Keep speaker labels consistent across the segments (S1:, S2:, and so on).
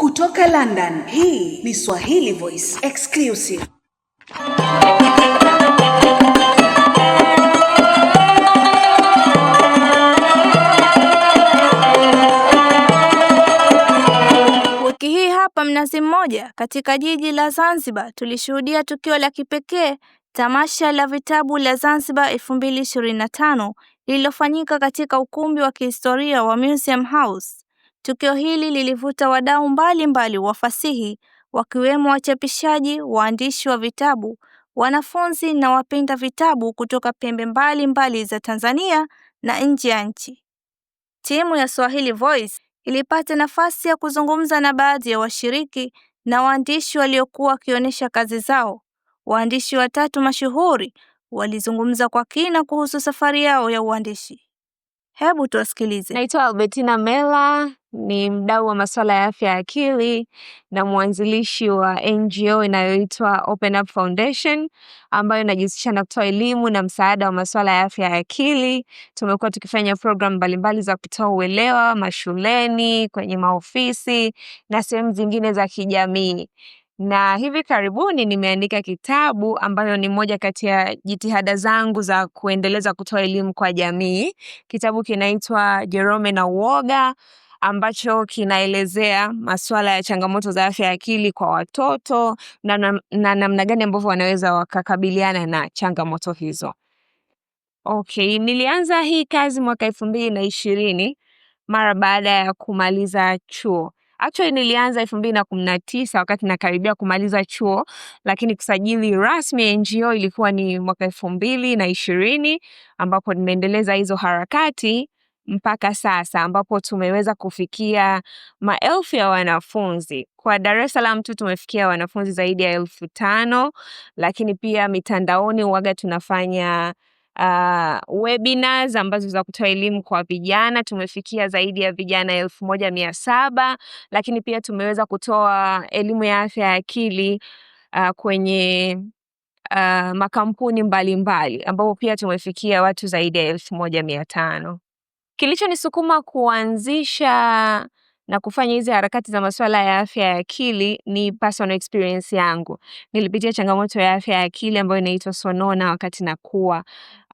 S1: Kutoka London, hii ni Swahili Voice Exclusive.
S2: Wiki hii hapa Mnazi Mmoja katika jiji la Zanzibar tulishuhudia tukio la kipekee, tamasha la vitabu la Zanzibar 2025 lililofanyika katika ukumbi wa kihistoria wa Museum House. Tukio hili lilivuta wadau mbalimbali wa fasihi wakiwemo wachapishaji, waandishi wa vitabu, wanafunzi na wapenda vitabu kutoka pembe mbalimbali mbali za Tanzania na nje ya nchi. Timu ya Swahili Voice ilipata nafasi ya kuzungumza na baadhi ya washiriki na waandishi waliokuwa wakionyesha kazi zao. Waandishi watatu mashuhuri walizungumza kwa kina kuhusu safari yao ya uandishi. Hebu tuwasikilize.
S3: Naitwa Albertina Mela, ni mdau wa masuala ya afya ya akili na mwanzilishi wa NGO inayoitwa Open Up Foundation ambayo inajihusisha na kutoa elimu na msaada wa masuala ya afya ya akili. Tumekuwa tukifanya programu mbalimbali za kutoa uelewa mashuleni, kwenye maofisi na sehemu zingine za kijamii na hivi karibuni nimeandika kitabu ambayo ni moja kati ya jitihada zangu za kuendeleza kutoa elimu kwa jamii. Kitabu kinaitwa Jerome na Uoga ambacho kinaelezea masuala ya changamoto za afya ya akili kwa watoto na namna na, na, na gani ambavyo wanaweza wakakabiliana na changamoto hizo. Okay, nilianza hii kazi mwaka elfu mbili na ishirini mara baada ya kumaliza chuo. Actually nilianza elfu mbili na kumi na tisa wakati nakaribia kumaliza chuo, lakini kusajili rasmi ya NGO ilikuwa ni mwaka elfu mbili na ishirini ambapo nimeendeleza hizo harakati mpaka sasa ambapo tumeweza kufikia maelfu ya wanafunzi kwa Dar es Salaam tu tumefikia wanafunzi zaidi ya elfu tano lakini pia mitandaoni waga tunafanya uh, webinars ambazo za kutoa elimu kwa vijana tumefikia zaidi ya vijana elfu moja mia saba lakini pia tumeweza kutoa elimu ya afya ya akili uh, kwenye uh, makampuni mbalimbali ambapo pia tumefikia watu zaidi ya elfu moja mia tano. Kilichonisukuma kuanzisha na kufanya hizi harakati za masuala ya afya ya akili ni personal experience yangu. Nilipitia changamoto ya afya ya akili ambayo inaitwa sonona wakati nakuwa.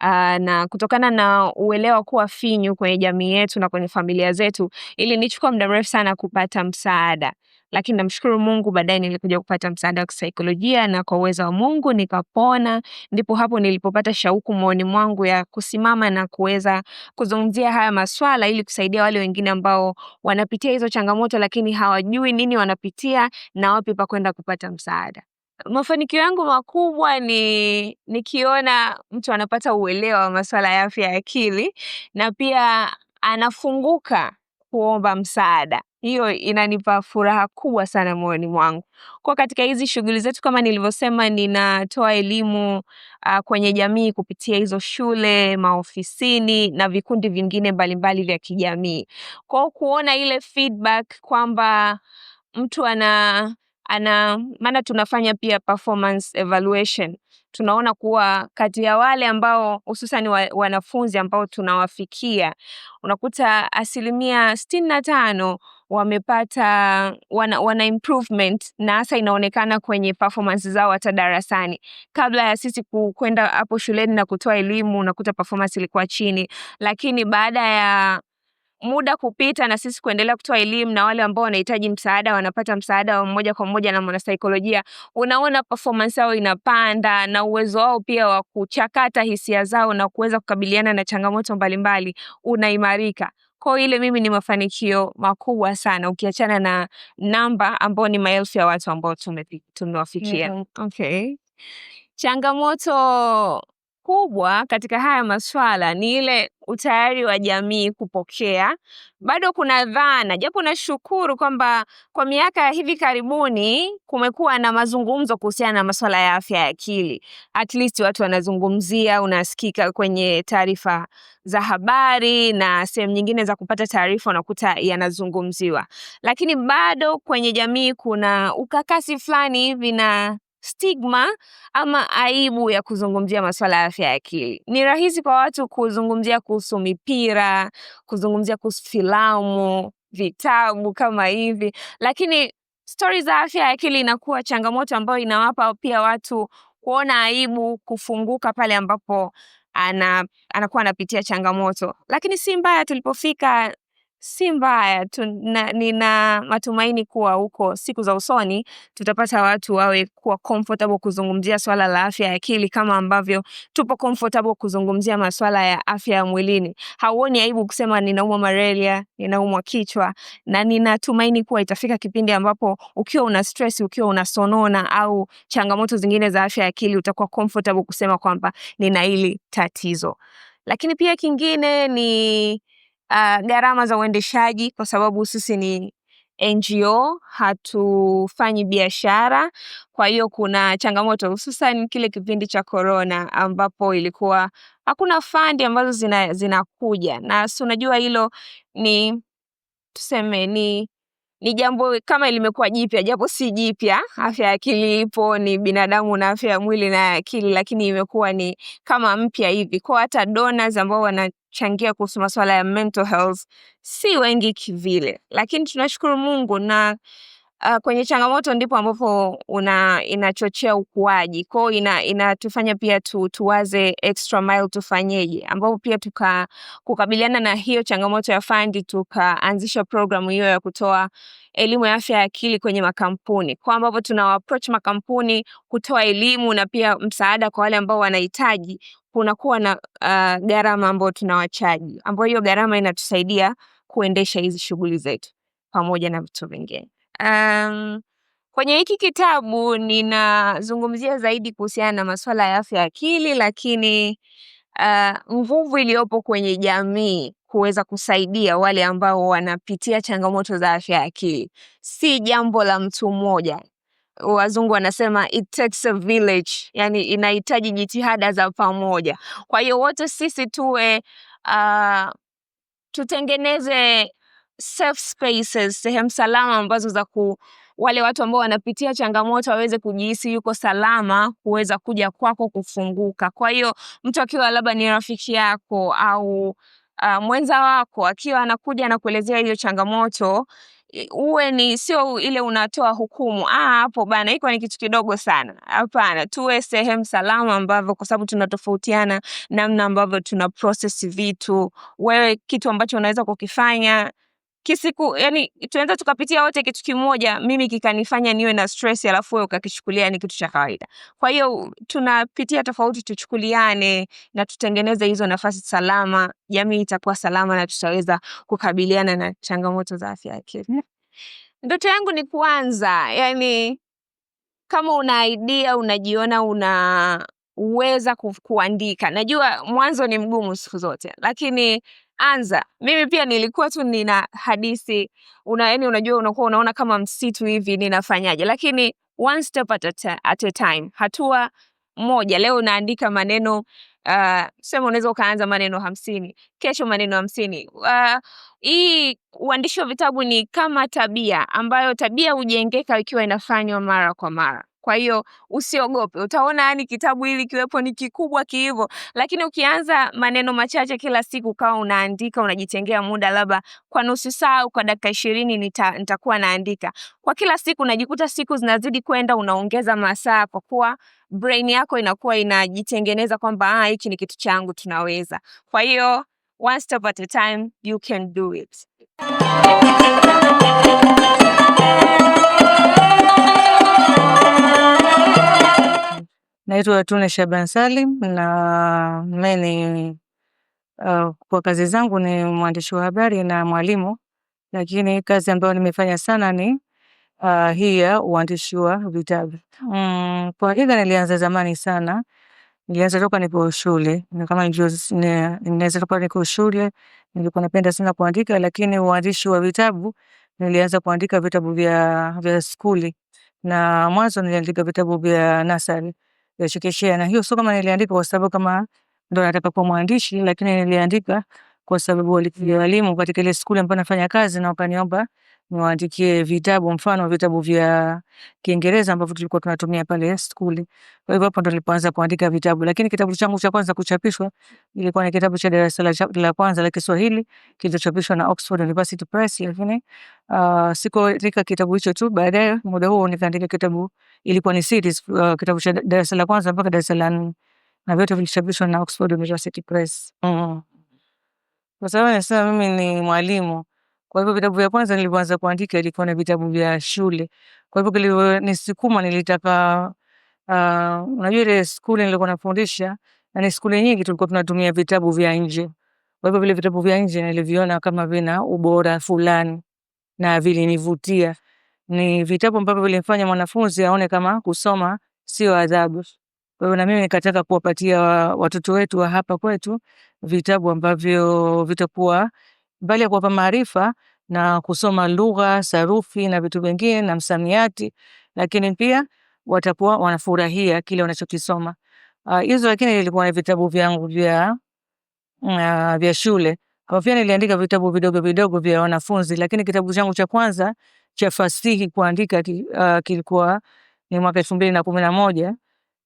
S3: Ah, na kutokana na uelewa kuwa finyu kwenye jamii yetu na kwenye familia zetu, ili nichukua muda mrefu sana kupata msaada lakini namshukuru Mungu, baadaye nilikuja kupata msaada wa kisaikolojia na kwa uwezo wa Mungu nikapona. Ndipo hapo nilipopata shauku moyoni mwangu ya kusimama na kuweza kuzungumzia haya maswala ili kusaidia wale wengine ambao wanapitia hizo changamoto, lakini hawajui nini wanapitia na wapi pa kwenda kupata msaada. Mafanikio yangu makubwa ni nikiona mtu anapata uelewa wa masuala ya afya ya akili na pia anafunguka kuomba msaada. Hiyo inanipa furaha kubwa sana moyoni mwangu. Kwa katika hizi shughuli zetu kama nilivyosema, ninatoa elimu uh, kwenye jamii kupitia hizo shule, maofisini na vikundi vingine mbalimbali vya kijamii. Kwa kuona ile feedback kwamba mtu ana ana maana tunafanya pia performance evaluation tunaona kuwa kati ya wale ambao hususan wanafunzi ambao tunawafikia unakuta asilimia sitini na tano wamepata wana, wana improvement na hasa inaonekana kwenye performance zao hata darasani. Kabla ya sisi kwenda hapo shuleni na kutoa elimu, unakuta performance ilikuwa chini, lakini baada ya muda kupita na sisi kuendelea kutoa elimu na wale ambao wanahitaji msaada wanapata msaada wa moja kwa moja na mwanasaikolojia, unaona performance yao inapanda na uwezo wao pia wa kuchakata hisia zao na kuweza kukabiliana na changamoto mbalimbali unaimarika. Kwa ile mimi ni mafanikio makubwa sana, ukiachana na namba ambao ni maelfu ya watu ambao tumewafikia. Mm-hmm. Okay, changamoto kubwa katika haya masuala ni ile utayari wa jamii kupokea. Bado kuna dhana, japo nashukuru kwamba kwa miaka ya hivi karibuni kumekuwa na mazungumzo kuhusiana na masuala ya afya ya akili, at least watu wanazungumzia, unasikika kwenye taarifa za habari na sehemu nyingine za kupata taarifa, unakuta yanazungumziwa, lakini bado kwenye jamii kuna ukakasi fulani hivi na stigma ama aibu ya kuzungumzia masuala ya afya ya akili. Ni rahisi kwa watu kuzungumzia kuhusu mipira, kuzungumzia kuhusu filamu, vitabu kama hivi, lakini stori za afya ya akili inakuwa changamoto ambayo inawapa pia watu kuona aibu kufunguka pale ambapo ana, anakuwa anapitia changamoto, lakini si mbaya tulipofika si mbaya nina matumaini kuwa huko siku za usoni tutapata watu wawe kuwa comfortable kuzungumzia swala la afya ya akili kama ambavyo tupo comfortable kuzungumzia maswala ya afya ya mwilini. Hauoni aibu kusema ninaumwa malaria, ninaumwa kichwa, na ninatumaini kuwa itafika kipindi ambapo ukiwa una stress, ukiwa unasonona au changamoto zingine za afya ya akili utakuwa comfortable kusema kwamba nina hili tatizo. Lakini pia kingine ni uh, gharama za uendeshaji kwa sababu sisi ni NGO hatufanyi biashara. Kwa hiyo kuna changamoto, hususan kile kipindi cha corona ambapo ilikuwa hakuna fandi ambazo zinakuja zina na si unajua, hilo ni tuseme ni ni jambo kama limekuwa jipya, japo si jipya. Afya ya akili ipo, ni binadamu na afya ya mwili na akili, lakini imekuwa ni kama mpya hivi. Kwa hata donors ambao wanachangia kuhusu masuala ya mental health si wengi kivile, lakini tunashukuru Mungu na uh, kwenye changamoto ndipo ambapo una inachochea ukuaji kwao, ina inatufanya pia tu, tuwaze extra mile tufanyeje, ambapo pia tuka kukabiliana na hiyo changamoto ya fundi, tukaanzisha programu hiyo ya kutoa elimu ya afya ya akili kwenye makampuni, kwa ambapo tuna approach makampuni kutoa elimu na pia msaada kwa wale ambao wanahitaji. Kunakuwa na uh, gharama ambayo tunawachaji, ambayo hiyo gharama inatusaidia kuendesha hizi shughuli zetu pamoja na vitu vingine. Um, kwenye hiki kitabu ninazungumzia zaidi kuhusiana na masuala ya afya ya akili, lakini uh, nguvu iliyopo kwenye jamii kuweza kusaidia wale ambao wanapitia changamoto za afya ya akili. Si jambo la mtu mmoja, wazungu wanasema it takes a village, yani inahitaji jitihada za pamoja. Kwa hiyo wote sisi tuwe uh, tutengeneze safe spaces, sehemu salama ambazo za ku wale watu ambao wanapitia changamoto waweze kujihisi yuko salama kuweza kuja kwako kufunguka. Kwa hiyo mtu akiwa labda ni rafiki yako au uh, mwenza wako akiwa anakuja anakuelezea hiyo changamoto uwe ni sio ile unatoa hukumu, ah, hapo bana, iko ni kitu kidogo sana. Hapana, tuwe sehemu salama ambavyo, kwa sababu tunatofautiana namna ambavyo tuna process vitu. Wewe kitu ambacho unaweza kukifanya kisiku yani, tunaweza tukapitia wote kitu kimoja, mimi kikanifanya niwe na stress, alafu wewe ukakichukulia ni kitu cha kawaida. Kwa hiyo tunapitia tofauti, tuchukuliane na tutengeneze hizo nafasi salama, jamii itakuwa salama na tutaweza kukabiliana na changamoto za afya ya akili. Ndoto yangu ni kuanza yani, kama una idea unajiona una uweza kuandika. Najua mwanzo ni mgumu siku zote, lakini anza. Mimi pia nilikuwa tu nina hadithi una, yani unajua unakuwa unaona kama msitu hivi, ninafanyaje? Lakini one step at a, at a time, hatua moja. Leo unaandika maneno uh, ah, sema unaweza ukaanza maneno hamsini, kesho maneno hamsini. Uh, hii uandishi wa vitabu ni kama tabia ambayo tabia hujengeka ikiwa inafanywa mara kwa mara. Kwa hiyo usiogope, utaona yani kitabu hili kiwepo ni kikubwa kiivo, lakini ukianza maneno machache kila siku ukawa unaandika, unajitengea muda labda kwa nusu saa au kwa dakika ishirini nita, nitakuwa naandika kwa kila siku, unajikuta siku zinazidi kwenda, unaongeza masaa kwa kuwa brain yako inakuwa inajitengeneza kwamba ah, ni kitu changu, tunaweza. Kwa hiyo one step at a time, you can do it.
S4: Naitwa Tune Shaban Salim na mimi ni uh, kwa kazi zangu ni mwandishi wa habari na mwalimu, lakini kazi ambayo nimefanya sana ni uh, hii ya uandishi wa vitabu mm, kwa hakika nilianza zamani sana, nilianza toka niko shule, kama ninaweza toka niko shule nilikuwa napenda sana kuandika, lakini uandishi wa vitabu nilianza kuandika vitabu vya, vya skuli na mwanzo niliandika vitabu vya nasari ya chekechea, na hiyo sio kama niliandika kwa sababu kama ndo nataka kuwa mwandishi, lakini niliandika kwa sababu walikuja mm. walimu katika ile skuli ambayo nafanya kazi na wakaniomba niwaandikie vitabu, mfano vitabu vya Kiingereza ambavyo tulikuwa tunatumia pale skuli. Kwa hivyo hapo ndo nilipoanza kuandika vitabu, lakini kitabu changu cha kwanza kuchapishwa ilikuwa ni kitabu cha darasa la, la kwanza la Kiswahili kilichochapishwa na Oxford University Press, lakini uh, sikuandika kitabu hicho tu. Baadaye muda huo nikaandika kitabu, ilikuwa ni series uh, kitabu cha darasa la kwanza mpaka darasa la nne na vyote vilichapishwa na Oxford University Press. mm -hmm. Kwa sababu nasema mimi ni mwalimu, kwa hivyo vitabu vya kwanza nilivyoanza kuandika ilikuwa na vitabu vya shule. Kwa hivyo kilivyonisukuma nilitaka, uh, unajua ile skuli nilikuwa nafundisha na ni skuli nyingi tulikuwa tunatumia vitabu vya nje. Kwa hivyo vile vitabu vya nje niliviona kama vina ubora fulani na vilinivutia. Ni vitabu ambavyo vilimfanya mwanafunzi aone kama kusoma sio adhabu. Kwa hiyo na mimi nikataka kuwapatia watoto wetu wa hapa kwetu vitabu ambavyo vitakuwa mbali ya kuwapa maarifa na kusoma lugha, sarufi na vitu vingine na msamiati, lakini pia watakuwa wanafurahia kile wanachokisoma. Ah, hizo uh, lakini ilikuwa ni vitabu vyangu vya uh, vya shule. Kwa pia niliandika vitabu vidogo vidogo vya wanafunzi, lakini kitabu changu cha kwanza cha fasihi kuandika uh, kilikuwa ni mwaka elfu mbili na kumi na moja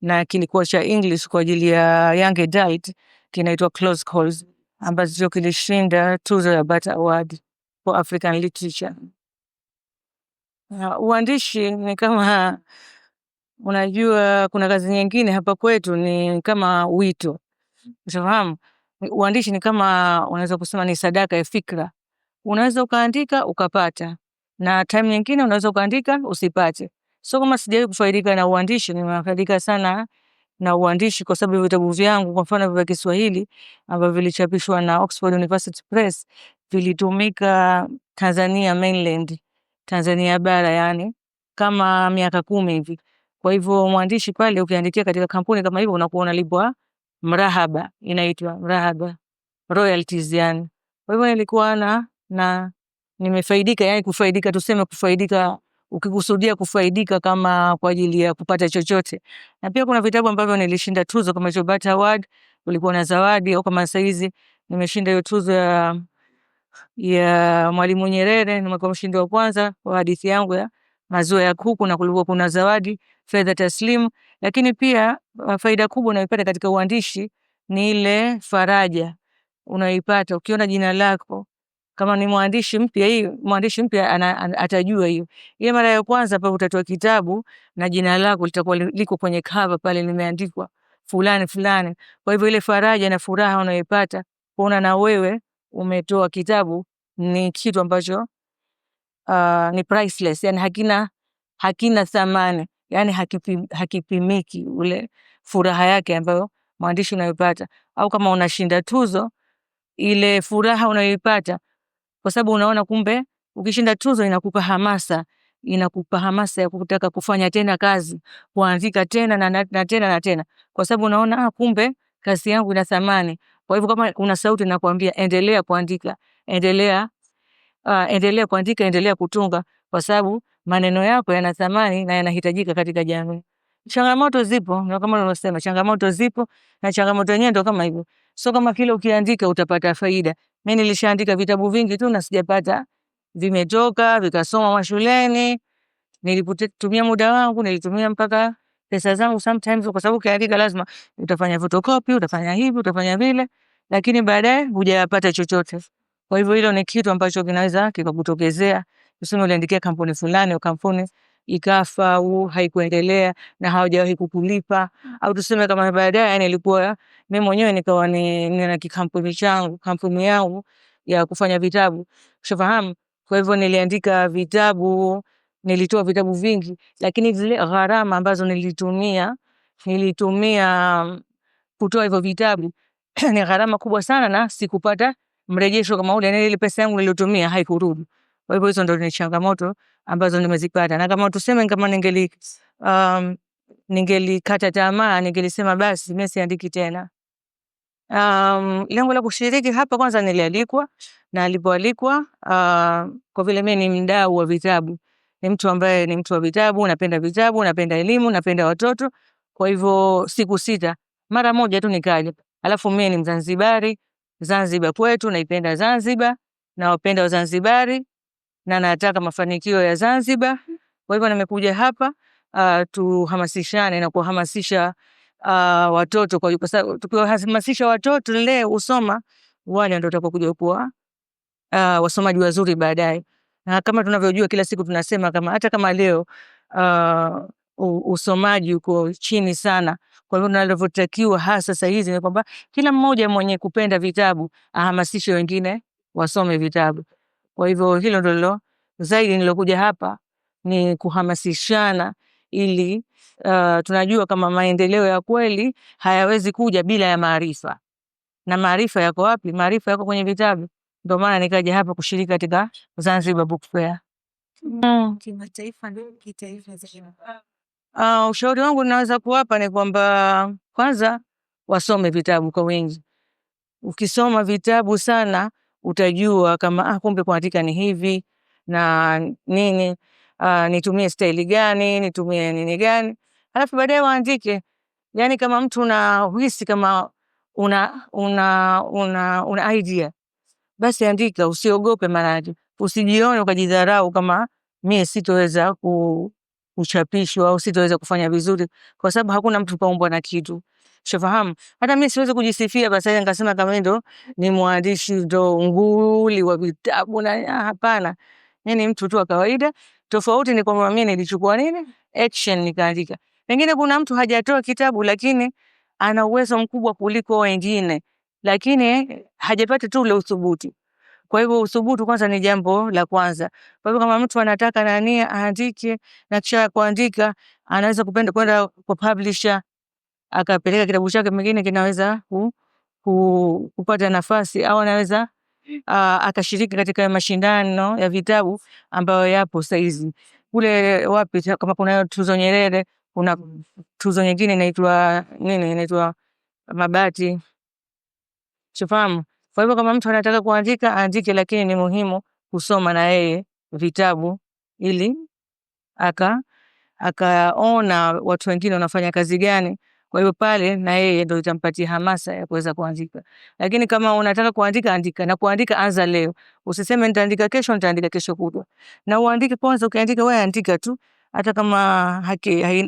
S4: na kilikuwa cha English kwa ajili ya young adult kinaitwa Close Calls, ambacho kilishinda tuzo ya BAT Award for African Literature. Uh, uandishi ni kama unajua, kuna kazi nyingine hapa kwetu ni kama wito, ushafahamu. Uandishi ni kama unaweza kusema ni sadaka ya fikra, unaweza ukaandika ukapata, na time nyingine unaweza ukaandika usipate So kama sijawahi kufaidika na uandishi, nimefaidika sana na uandishi kwa sababu vitabu vyangu kwa mfano vya Kiswahili ambavyo vilichapishwa na Oxford University Press vilitumika Tanzania mainland, Tanzania bara yani kama miaka kumi hivi. Kwa hivyo mwandishi pale ukiandikia katika kampuni kama hivyo unakuwa unalipwa mrahaba, inaitwa mrahaba royalties yani. Kwa hivyo nilikuwa na na nimefaidika yani kufaidika tuseme kufaidika ukikusudia kufaidika kama kwa ajili ya kupata chochote. Na pia kuna vitabu ambavyo nilishinda tuzo kama Chobati Award, kulikuwa na zawadi au kama saizi nimeshinda hiyo tuzo ya ya Mwalimu Nyerere, nimekuwa mshindi wa kwanza wa hadithi yangu ya Maziwa ya Kuku, na kulikuwa kuna zawadi fedha taslimu. Lakini pia uh, faida kubwa unayoipata katika uandishi ni ile faraja unayoipata ukiona jina lako kama ni mwandishi mpya, hii mwandishi mpya atajua hiyo. Ile mara ya kwanza pale utatoa kitabu na jina lako litakuwa liko kwenye cover pale, limeandikwa fulani fulani. Kwa hivyo ile faraja na furaha unayoipata kuona na wewe umetoa kitabu ni kitu ambacho uh, ni priceless, yani hakina hakina thamani, yani hakipi, hakipimiki ule furaha yake ambayo mwandishi unayopata, au kama unashinda tuzo ile furaha unayoipata kwa sababu unaona kumbe ukishinda tuzo inakupa hamasa inakupa hamasa ya kutaka kufanya tena kazi, kuandika tena na, na, na tena na tena, kwa sababu unaona ah, kumbe kazi yangu ina thamani. Kwa hivyo kama kuna sauti inakwambia endelea kuandika, endelea uh, endelea kuandika, endelea kutunga, kwa sababu maneno yako yana thamani na yanahitajika katika jamii. Changamoto zipo, ndio kama unasema changamoto zipo na changamoto yenyewe ndo kama hivyo, so kama kile ukiandika utapata faida, mimi nilishaandika vitabu vingi tu na sijapata vimetoka vikasoma mashuleni. Nilitumia muda wangu nilitumia mpaka pesa zangu sometimes, kwa sababu ukiandika lazima utafanya photocopy, utafanya hivi, utafanya vile, lakini baadaye hujapata chochote. Kwa hivyo hilo ni kitu ambacho kinaweza kikakutokezea, useme uliandikia kampuni fulani au kampuni ikafa au haikuendelea na hawajawahi kukulipa, mm. au tuseme kama baadaye, yani ilikuwa mimi mwenyewe nikawa ni nina kikampuni changu, kampuni yangu ya kufanya vitabu, ushafahamu. Kwa hivyo niliandika vitabu, nilitoa vitabu vingi, lakini zile gharama ambazo nilitumia nilitumia mm, kutoa hivyo vitabu ni gharama kubwa sana, na sikupata mrejesho kama ule, yani ile pesa yangu niliyotumia haikurudi. Kwa hivyo hizo ndo ni changamoto ambazo nimezipata, na kama tuseme, kama ningeli um, ningelikata tamaa, ningelisema basi mimi siandiki tena. Um, lengo la kushiriki hapa kwanza nilialikwa na alipoalikwa, uh, kwa vile mimi ni mdau wa vitabu, ni mtu ambaye ni mtu wa vitabu, napenda vitabu, napenda elimu, napenda watoto. Kwa hivyo siku sita mara moja tu nikaja. Alafu mimi ni Mzanzibari, Zanzibar kwetu naipenda Zanzibar, nawapenda Wazanzibari na nataka mafanikio ya Zanzibar. Mm-hmm. Kwa hivyo nimekuja hapa uh, tuhamasishane na kuhamasisha uh, watoto kwa kwa sababu tukiwahamasisha watoto leo usoma wale ndio watakokuja kuwa uh, wasomaji wazuri baadaye, na kama tunavyojua kila siku tunasema kama hata kama leo uh, usomaji uko chini sana. Kwa hivyo nalivyotakiwa hasa sasa hizi ni kwamba kila mmoja mwenye kupenda vitabu ahamasishe wengine wasome vitabu. Kwa hivyo hilo lilo zaidi nilokuja hapa ni kuhamasishana ili uh, tunajua kama maendeleo ya kweli hayawezi kuja bila ya maarifa. Na maarifa yako wapi? Maarifa yako kwenye vitabu. Ndio maana nikaja hapa kushiriki katika Zanzibar Book Fair. Mm. Uh, ushauri wangu ninaweza kuwapa ni kwamba kwanza wasome vitabu kwa wingi. Ukisoma vitabu sana utajua kama ah, kumbe kuandika ni hivi na nini ah, nitumie staili gani, nitumie nini gani, alafu baadaye waandike. Yani kama mtu unahisi kama una, una, una, una idea basi andika, usiogope, maanake usijione ukajidharau kama mie sitoweza ku, kuchapishwa au sitoweza kufanya vizuri, kwa sababu hakuna mtu kaumbwa na kitu. Shafahamu. Hata mimi siwezi kujisifia basi nikasema kama mimi ndo ni mwandishi ndo nguli wa vitabu na hapana. Mimi ni mtu tu wa kawaida. Tofauti ni kwamba mimi nilichukua nini? Action nikaandika. Pengine kuna mtu hajatoa kitabu lakini ana uwezo mkubwa kuliko wengine. Lakini hajapata tu ule uthubutu. Kwa hivyo uthubutu kwanza ni jambo la kwanza. Kwa hivyo kama mtu anataka nani aandike na kisha kuandika anaweza kupenda kwenda kwa publisher akapeleka kitabu chake mwingine kinaweza ku, ku, kupata nafasi au anaweza uh, akashiriki katika mashindano ya vitabu ambayo yapo saizi kule wapi, kama kuna tuzo Nyerere, kuna tuzo nyingine inaitwa nini, inaitwa Mabati, sifahamu. Kwa hivyo kama mtu anataka kuandika aandike, lakini ni muhimu kusoma na yeye vitabu ili aka akaona watu wengine wanafanya kazi gani. Kwa hiyo pale na yeye ndo utampatia hamasa ya kuweza kuandika. Lakini kama unataka kuandika, andika na kuandika, anza leo. Usiseme nitaandika kesho, nitaandika kesho kutwa. Na uandike kwanza, ukiandika wewe andika tu hata kama haki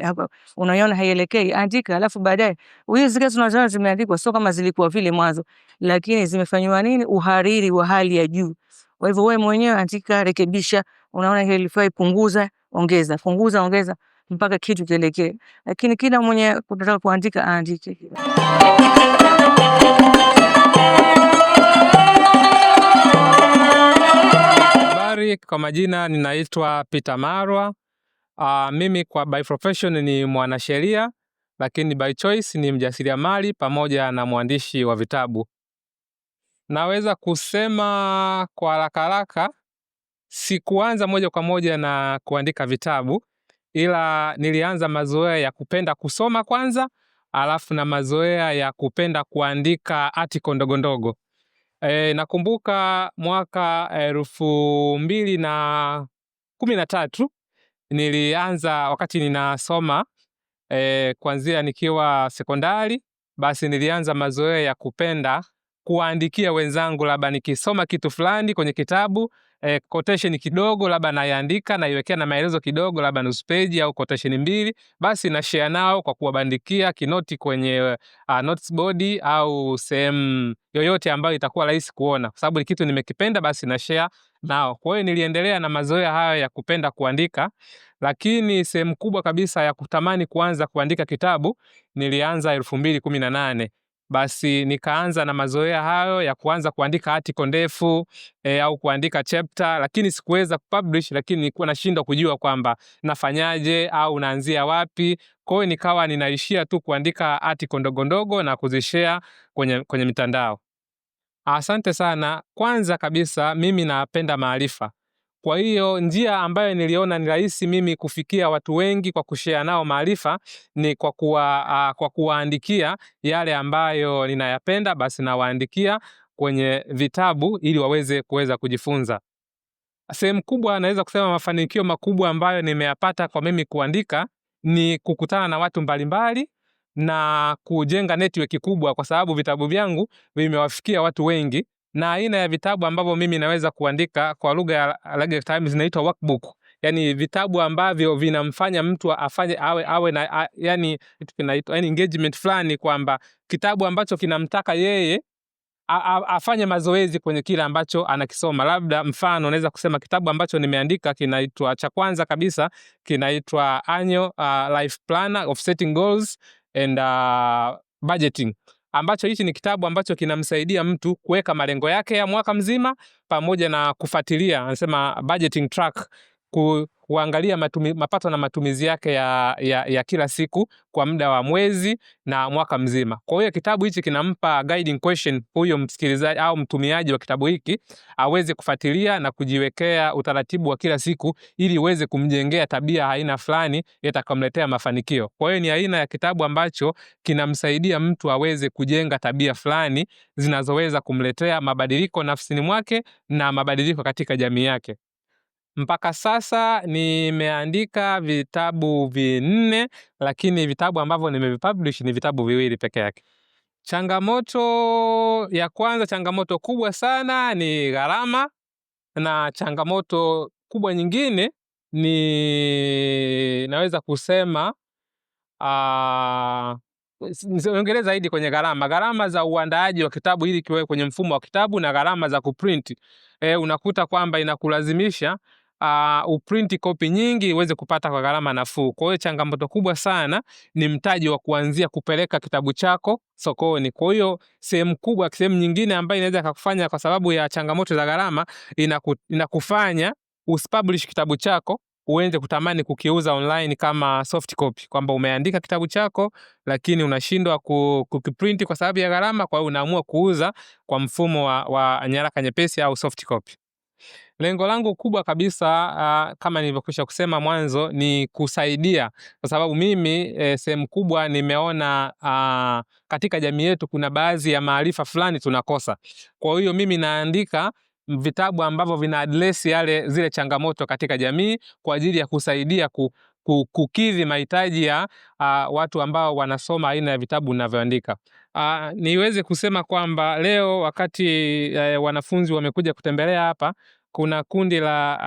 S4: unaiona haielekei, andika alafu baadaye. Hizi kazi tunazoona zimeandikwa sio kama zilikuwa vile mwanzo, lakini zimefanywa nini, uhariri wa hali ya juu. Kwa hivyo wewe mwenyewe andika, rekebisha, unaona hili lifai, punguza, ongeza, punguza, ongeza mpaka kitu kielekee, lakini kila mwenye kutaka kuandika aandike.
S5: Habari, kwa majina ninaitwa Peter Marwa. Uh, mimi kwa by profession ni mwanasheria lakini by choice ni mjasiriamali pamoja na mwandishi wa vitabu. Naweza kusema kwa haraka haraka, sikuanza moja kwa moja na kuandika vitabu, ila nilianza mazoea ya kupenda kusoma kwanza, alafu na mazoea ya kupenda kuandika article ndogondogo. E, eh, nakumbuka mwaka elfu mbili na kumi na tatu nilianza wakati ninasoma e, eh, kuanzia nikiwa sekondari, basi nilianza mazoea ya kupenda kuwaandikia wenzangu, labda nikisoma kitu fulani kwenye kitabu eh, quotation kidogo labda naiandika naiwekea na maelezo kidogo labda nusu page au quotation mbili, basi na share nao kwa kuwabandikia kinoti kwenye uh, notes board au sehemu yoyote ambayo itakuwa rahisi kuona, kwa sababu kitu nimekipenda, basi na share nao. Kwa hiyo niliendelea na mazoea hayo ya kupenda kuandika, lakini sehemu kubwa kabisa ya kutamani kuanza kuandika kitabu nilianza elfu mbili kumi na nane. Basi nikaanza na mazoea hayo ya kuanza kuandika article ndefu e, au kuandika chapter, lakini sikuweza kupublish, lakini nilikuwa nashindwa kujua kwamba nafanyaje au naanzia wapi. Kwa hiyo nikawa ninaishia tu kuandika article ndogo ndogo na kuzishare kwenye, kwenye mitandao. Asante sana. Kwanza kabisa mimi napenda maarifa. Kwa hiyo njia ambayo niliona ni rahisi mimi kufikia watu wengi kwa kushea nao maarifa ni kwa kuwa, uh, kwa kuwaandikia yale ambayo ninayapenda, basi nawaandikia kwenye vitabu ili waweze kuweza kujifunza. Sehemu kubwa naweza kusema mafanikio makubwa ambayo nimeyapata kwa mimi kuandika ni kukutana na watu mbalimbali na kujenga network kubwa, kwa sababu vitabu vyangu vimewafikia watu wengi na aina ya vitabu ambavyo mimi naweza kuandika kwa lugha ya Lagos Times zinaitwa workbook, yani vitabu ambavyo vinamfanya mtu afanye awe awe na a, yani kitu kinaitwa yani engagement fulani, kwamba kitabu ambacho kinamtaka yeye a, a, afanye mazoezi kwenye kile ambacho anakisoma. Labda mfano naweza kusema kitabu ambacho nimeandika kinaitwa, cha kwanza kabisa kinaitwa Annual uh, Life Planner of Setting Goals and uh, Budgeting ambacho hichi ni kitabu ambacho kinamsaidia mtu kuweka malengo yake ya mwaka mzima pamoja na kufuatilia anasema budgeting track kuangalia matumi, mapato na matumizi yake ya, ya, ya kila siku kwa muda wa mwezi na mwaka mzima. Kwa hiyo kitabu hichi kinampa guiding question huyo msikilizaji au mtumiaji wa kitabu hiki aweze kufuatilia na kujiwekea utaratibu wa kila siku ili uweze kumjengea tabia aina fulani itakamletea mafanikio. Kwa hiyo ni aina ya kitabu ambacho kinamsaidia mtu aweze kujenga tabia fulani zinazoweza kumletea mabadiliko nafsini mwake na mabadiliko katika jamii yake. Mpaka sasa nimeandika vitabu vinne, lakini vitabu ambavyo nimevipublish ni vitabu viwili peke yake. Changamoto ya kwanza, changamoto kubwa sana ni gharama, na changamoto kubwa nyingine ni naweza kusema ah, niongelee zaidi kwenye gharama, gharama za uandaaji wa kitabu ili kiwe kwenye mfumo wa kitabu na gharama za kuprint. E, eh, unakuta kwamba inakulazimisha uh, uprinti kopi nyingi uweze kupata kwa gharama nafuu. Kwa hiyo changamoto kubwa sana ni mtaji wa kuanzia kupeleka kitabu chako sokoni. Kwa hiyo sehemu kubwa, sehemu nyingine ambayo inaweza kukufanya kwa sababu ya changamoto za gharama, inaku, inakufanya usipublish kitabu chako uende kutamani kukiuza online kama soft copy, kwamba umeandika kitabu chako lakini unashindwa kukiprint kwa sababu ya gharama. Kwa hiyo unaamua kuuza kwa mfumo wa, wa nyaraka nyepesi au soft copy. Lengo langu kubwa kabisa uh, kama nilivyokwisha kusema mwanzo ni kusaidia, kwa sababu mimi e, sehemu kubwa nimeona uh, katika jamii yetu kuna baadhi ya maarifa fulani tunakosa. Kwa hiyo mimi naandika vitabu ambavyo vina address yale zile changamoto katika jamii kwa ajili ya kusaidia ku, kukidhi mahitaji ya uh, watu ambao wanasoma aina ya vitabu ninavyoandika. Aa, ah, niweze kusema kwamba leo wakati e, wanafunzi wamekuja kutembelea hapa, kuna kundi la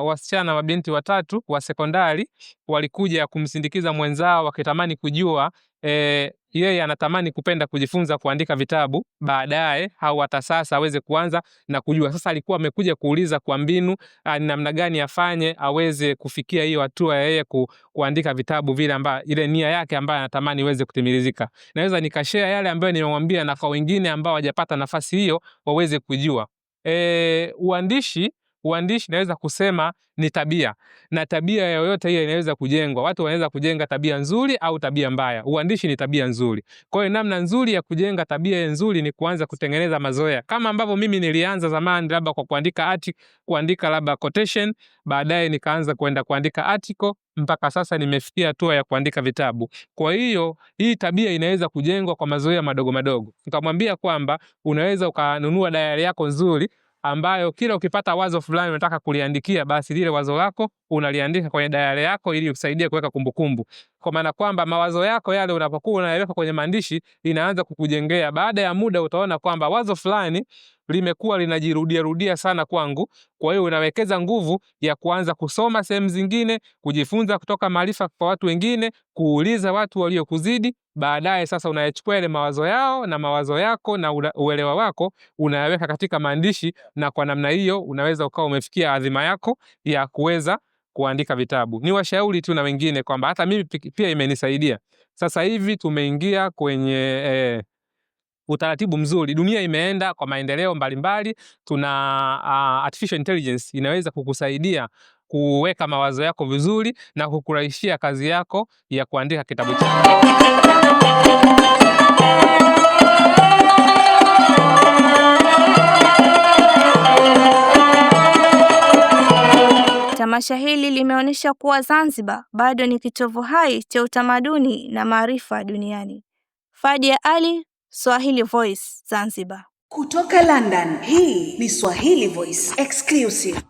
S5: uh, wasichana mabinti watatu wa sekondari walikuja kumsindikiza mwenzao wakitamani kujua e, yeye anatamani kupenda kujifunza kuandika vitabu baadaye au hata sasa aweze kuanza na kujua. Sasa alikuwa amekuja kuuliza kwa mbinu ah, ni namna gani afanye aweze kufikia hiyo hatua ya yeye ku, kuandika vitabu vile ambayo ile nia yake ambayo anatamani iweze kutimilizika. Naweza nikashare yale ambayo nimemwambia na kwa wengine ambao hawajapata nafasi hiyo waweze kujua. E, uandishi Uandishi naweza kusema ni tabia, na tabia yoyote hiyo inaweza kujengwa. Watu wanaweza kujenga tabia nzuri au tabia mbaya. Uandishi ni tabia nzuri. Kwa hiyo namna nzuri ya kujenga tabia nzuri ni kuanza kutengeneza mazoea, kama ambavyo mimi nilianza zamani, labda kwa kuandika article, kuandika labda quotation, baadaye nikaanza kwenda kuandika article mpaka sasa nimefikia hatua ya kuandika vitabu. Kwa hiyo hii tabia inaweza kujengwa kwa mazoea madogo madogo. Nikamwambia kwamba unaweza ukanunua dayari yako nzuri ambayo kila ukipata wazo fulani unataka kuliandikia, basi lile wazo lako unaliandika kwenye dayari yako ili ikusaidie kuweka kumbukumbu. Kwa maana kwamba mawazo yako yale unapokuwa unayaweka kwenye maandishi, inaanza kukujengea. Baada ya muda utaona kwamba wazo fulani limekuwa linajirudiarudia sana kwangu. Kwa hiyo unawekeza nguvu ya kuanza kusoma sehemu zingine, kujifunza kutoka maarifa kwa watu wengine, kuuliza watu waliokuzidi. Baadaye sasa unayachukua yale mawazo yao na mawazo yako na uelewa wako unayaweka katika maandishi, na kwa namna hiyo unaweza ukawa umefikia adhima yako ya kuweza kuandika vitabu. Ni washauri tu na wengine kwamba hata mimi pia imenisaidia. Sasa hivi tumeingia kwenye eh, utaratibu mzuri. Dunia imeenda kwa maendeleo mbalimbali, tuna uh, artificial intelligence inaweza kukusaidia kuweka mawazo yako vizuri na kukurahisishia kazi yako ya kuandika kitabu chako.
S2: Tamasha hili limeonyesha kuwa Zanzibar bado ni kitovu hai cha utamaduni na maarifa duniani. Fadia Ali Swahili Voice Zanzibar kutoka London. Hii ni Swahili Voice exclusive.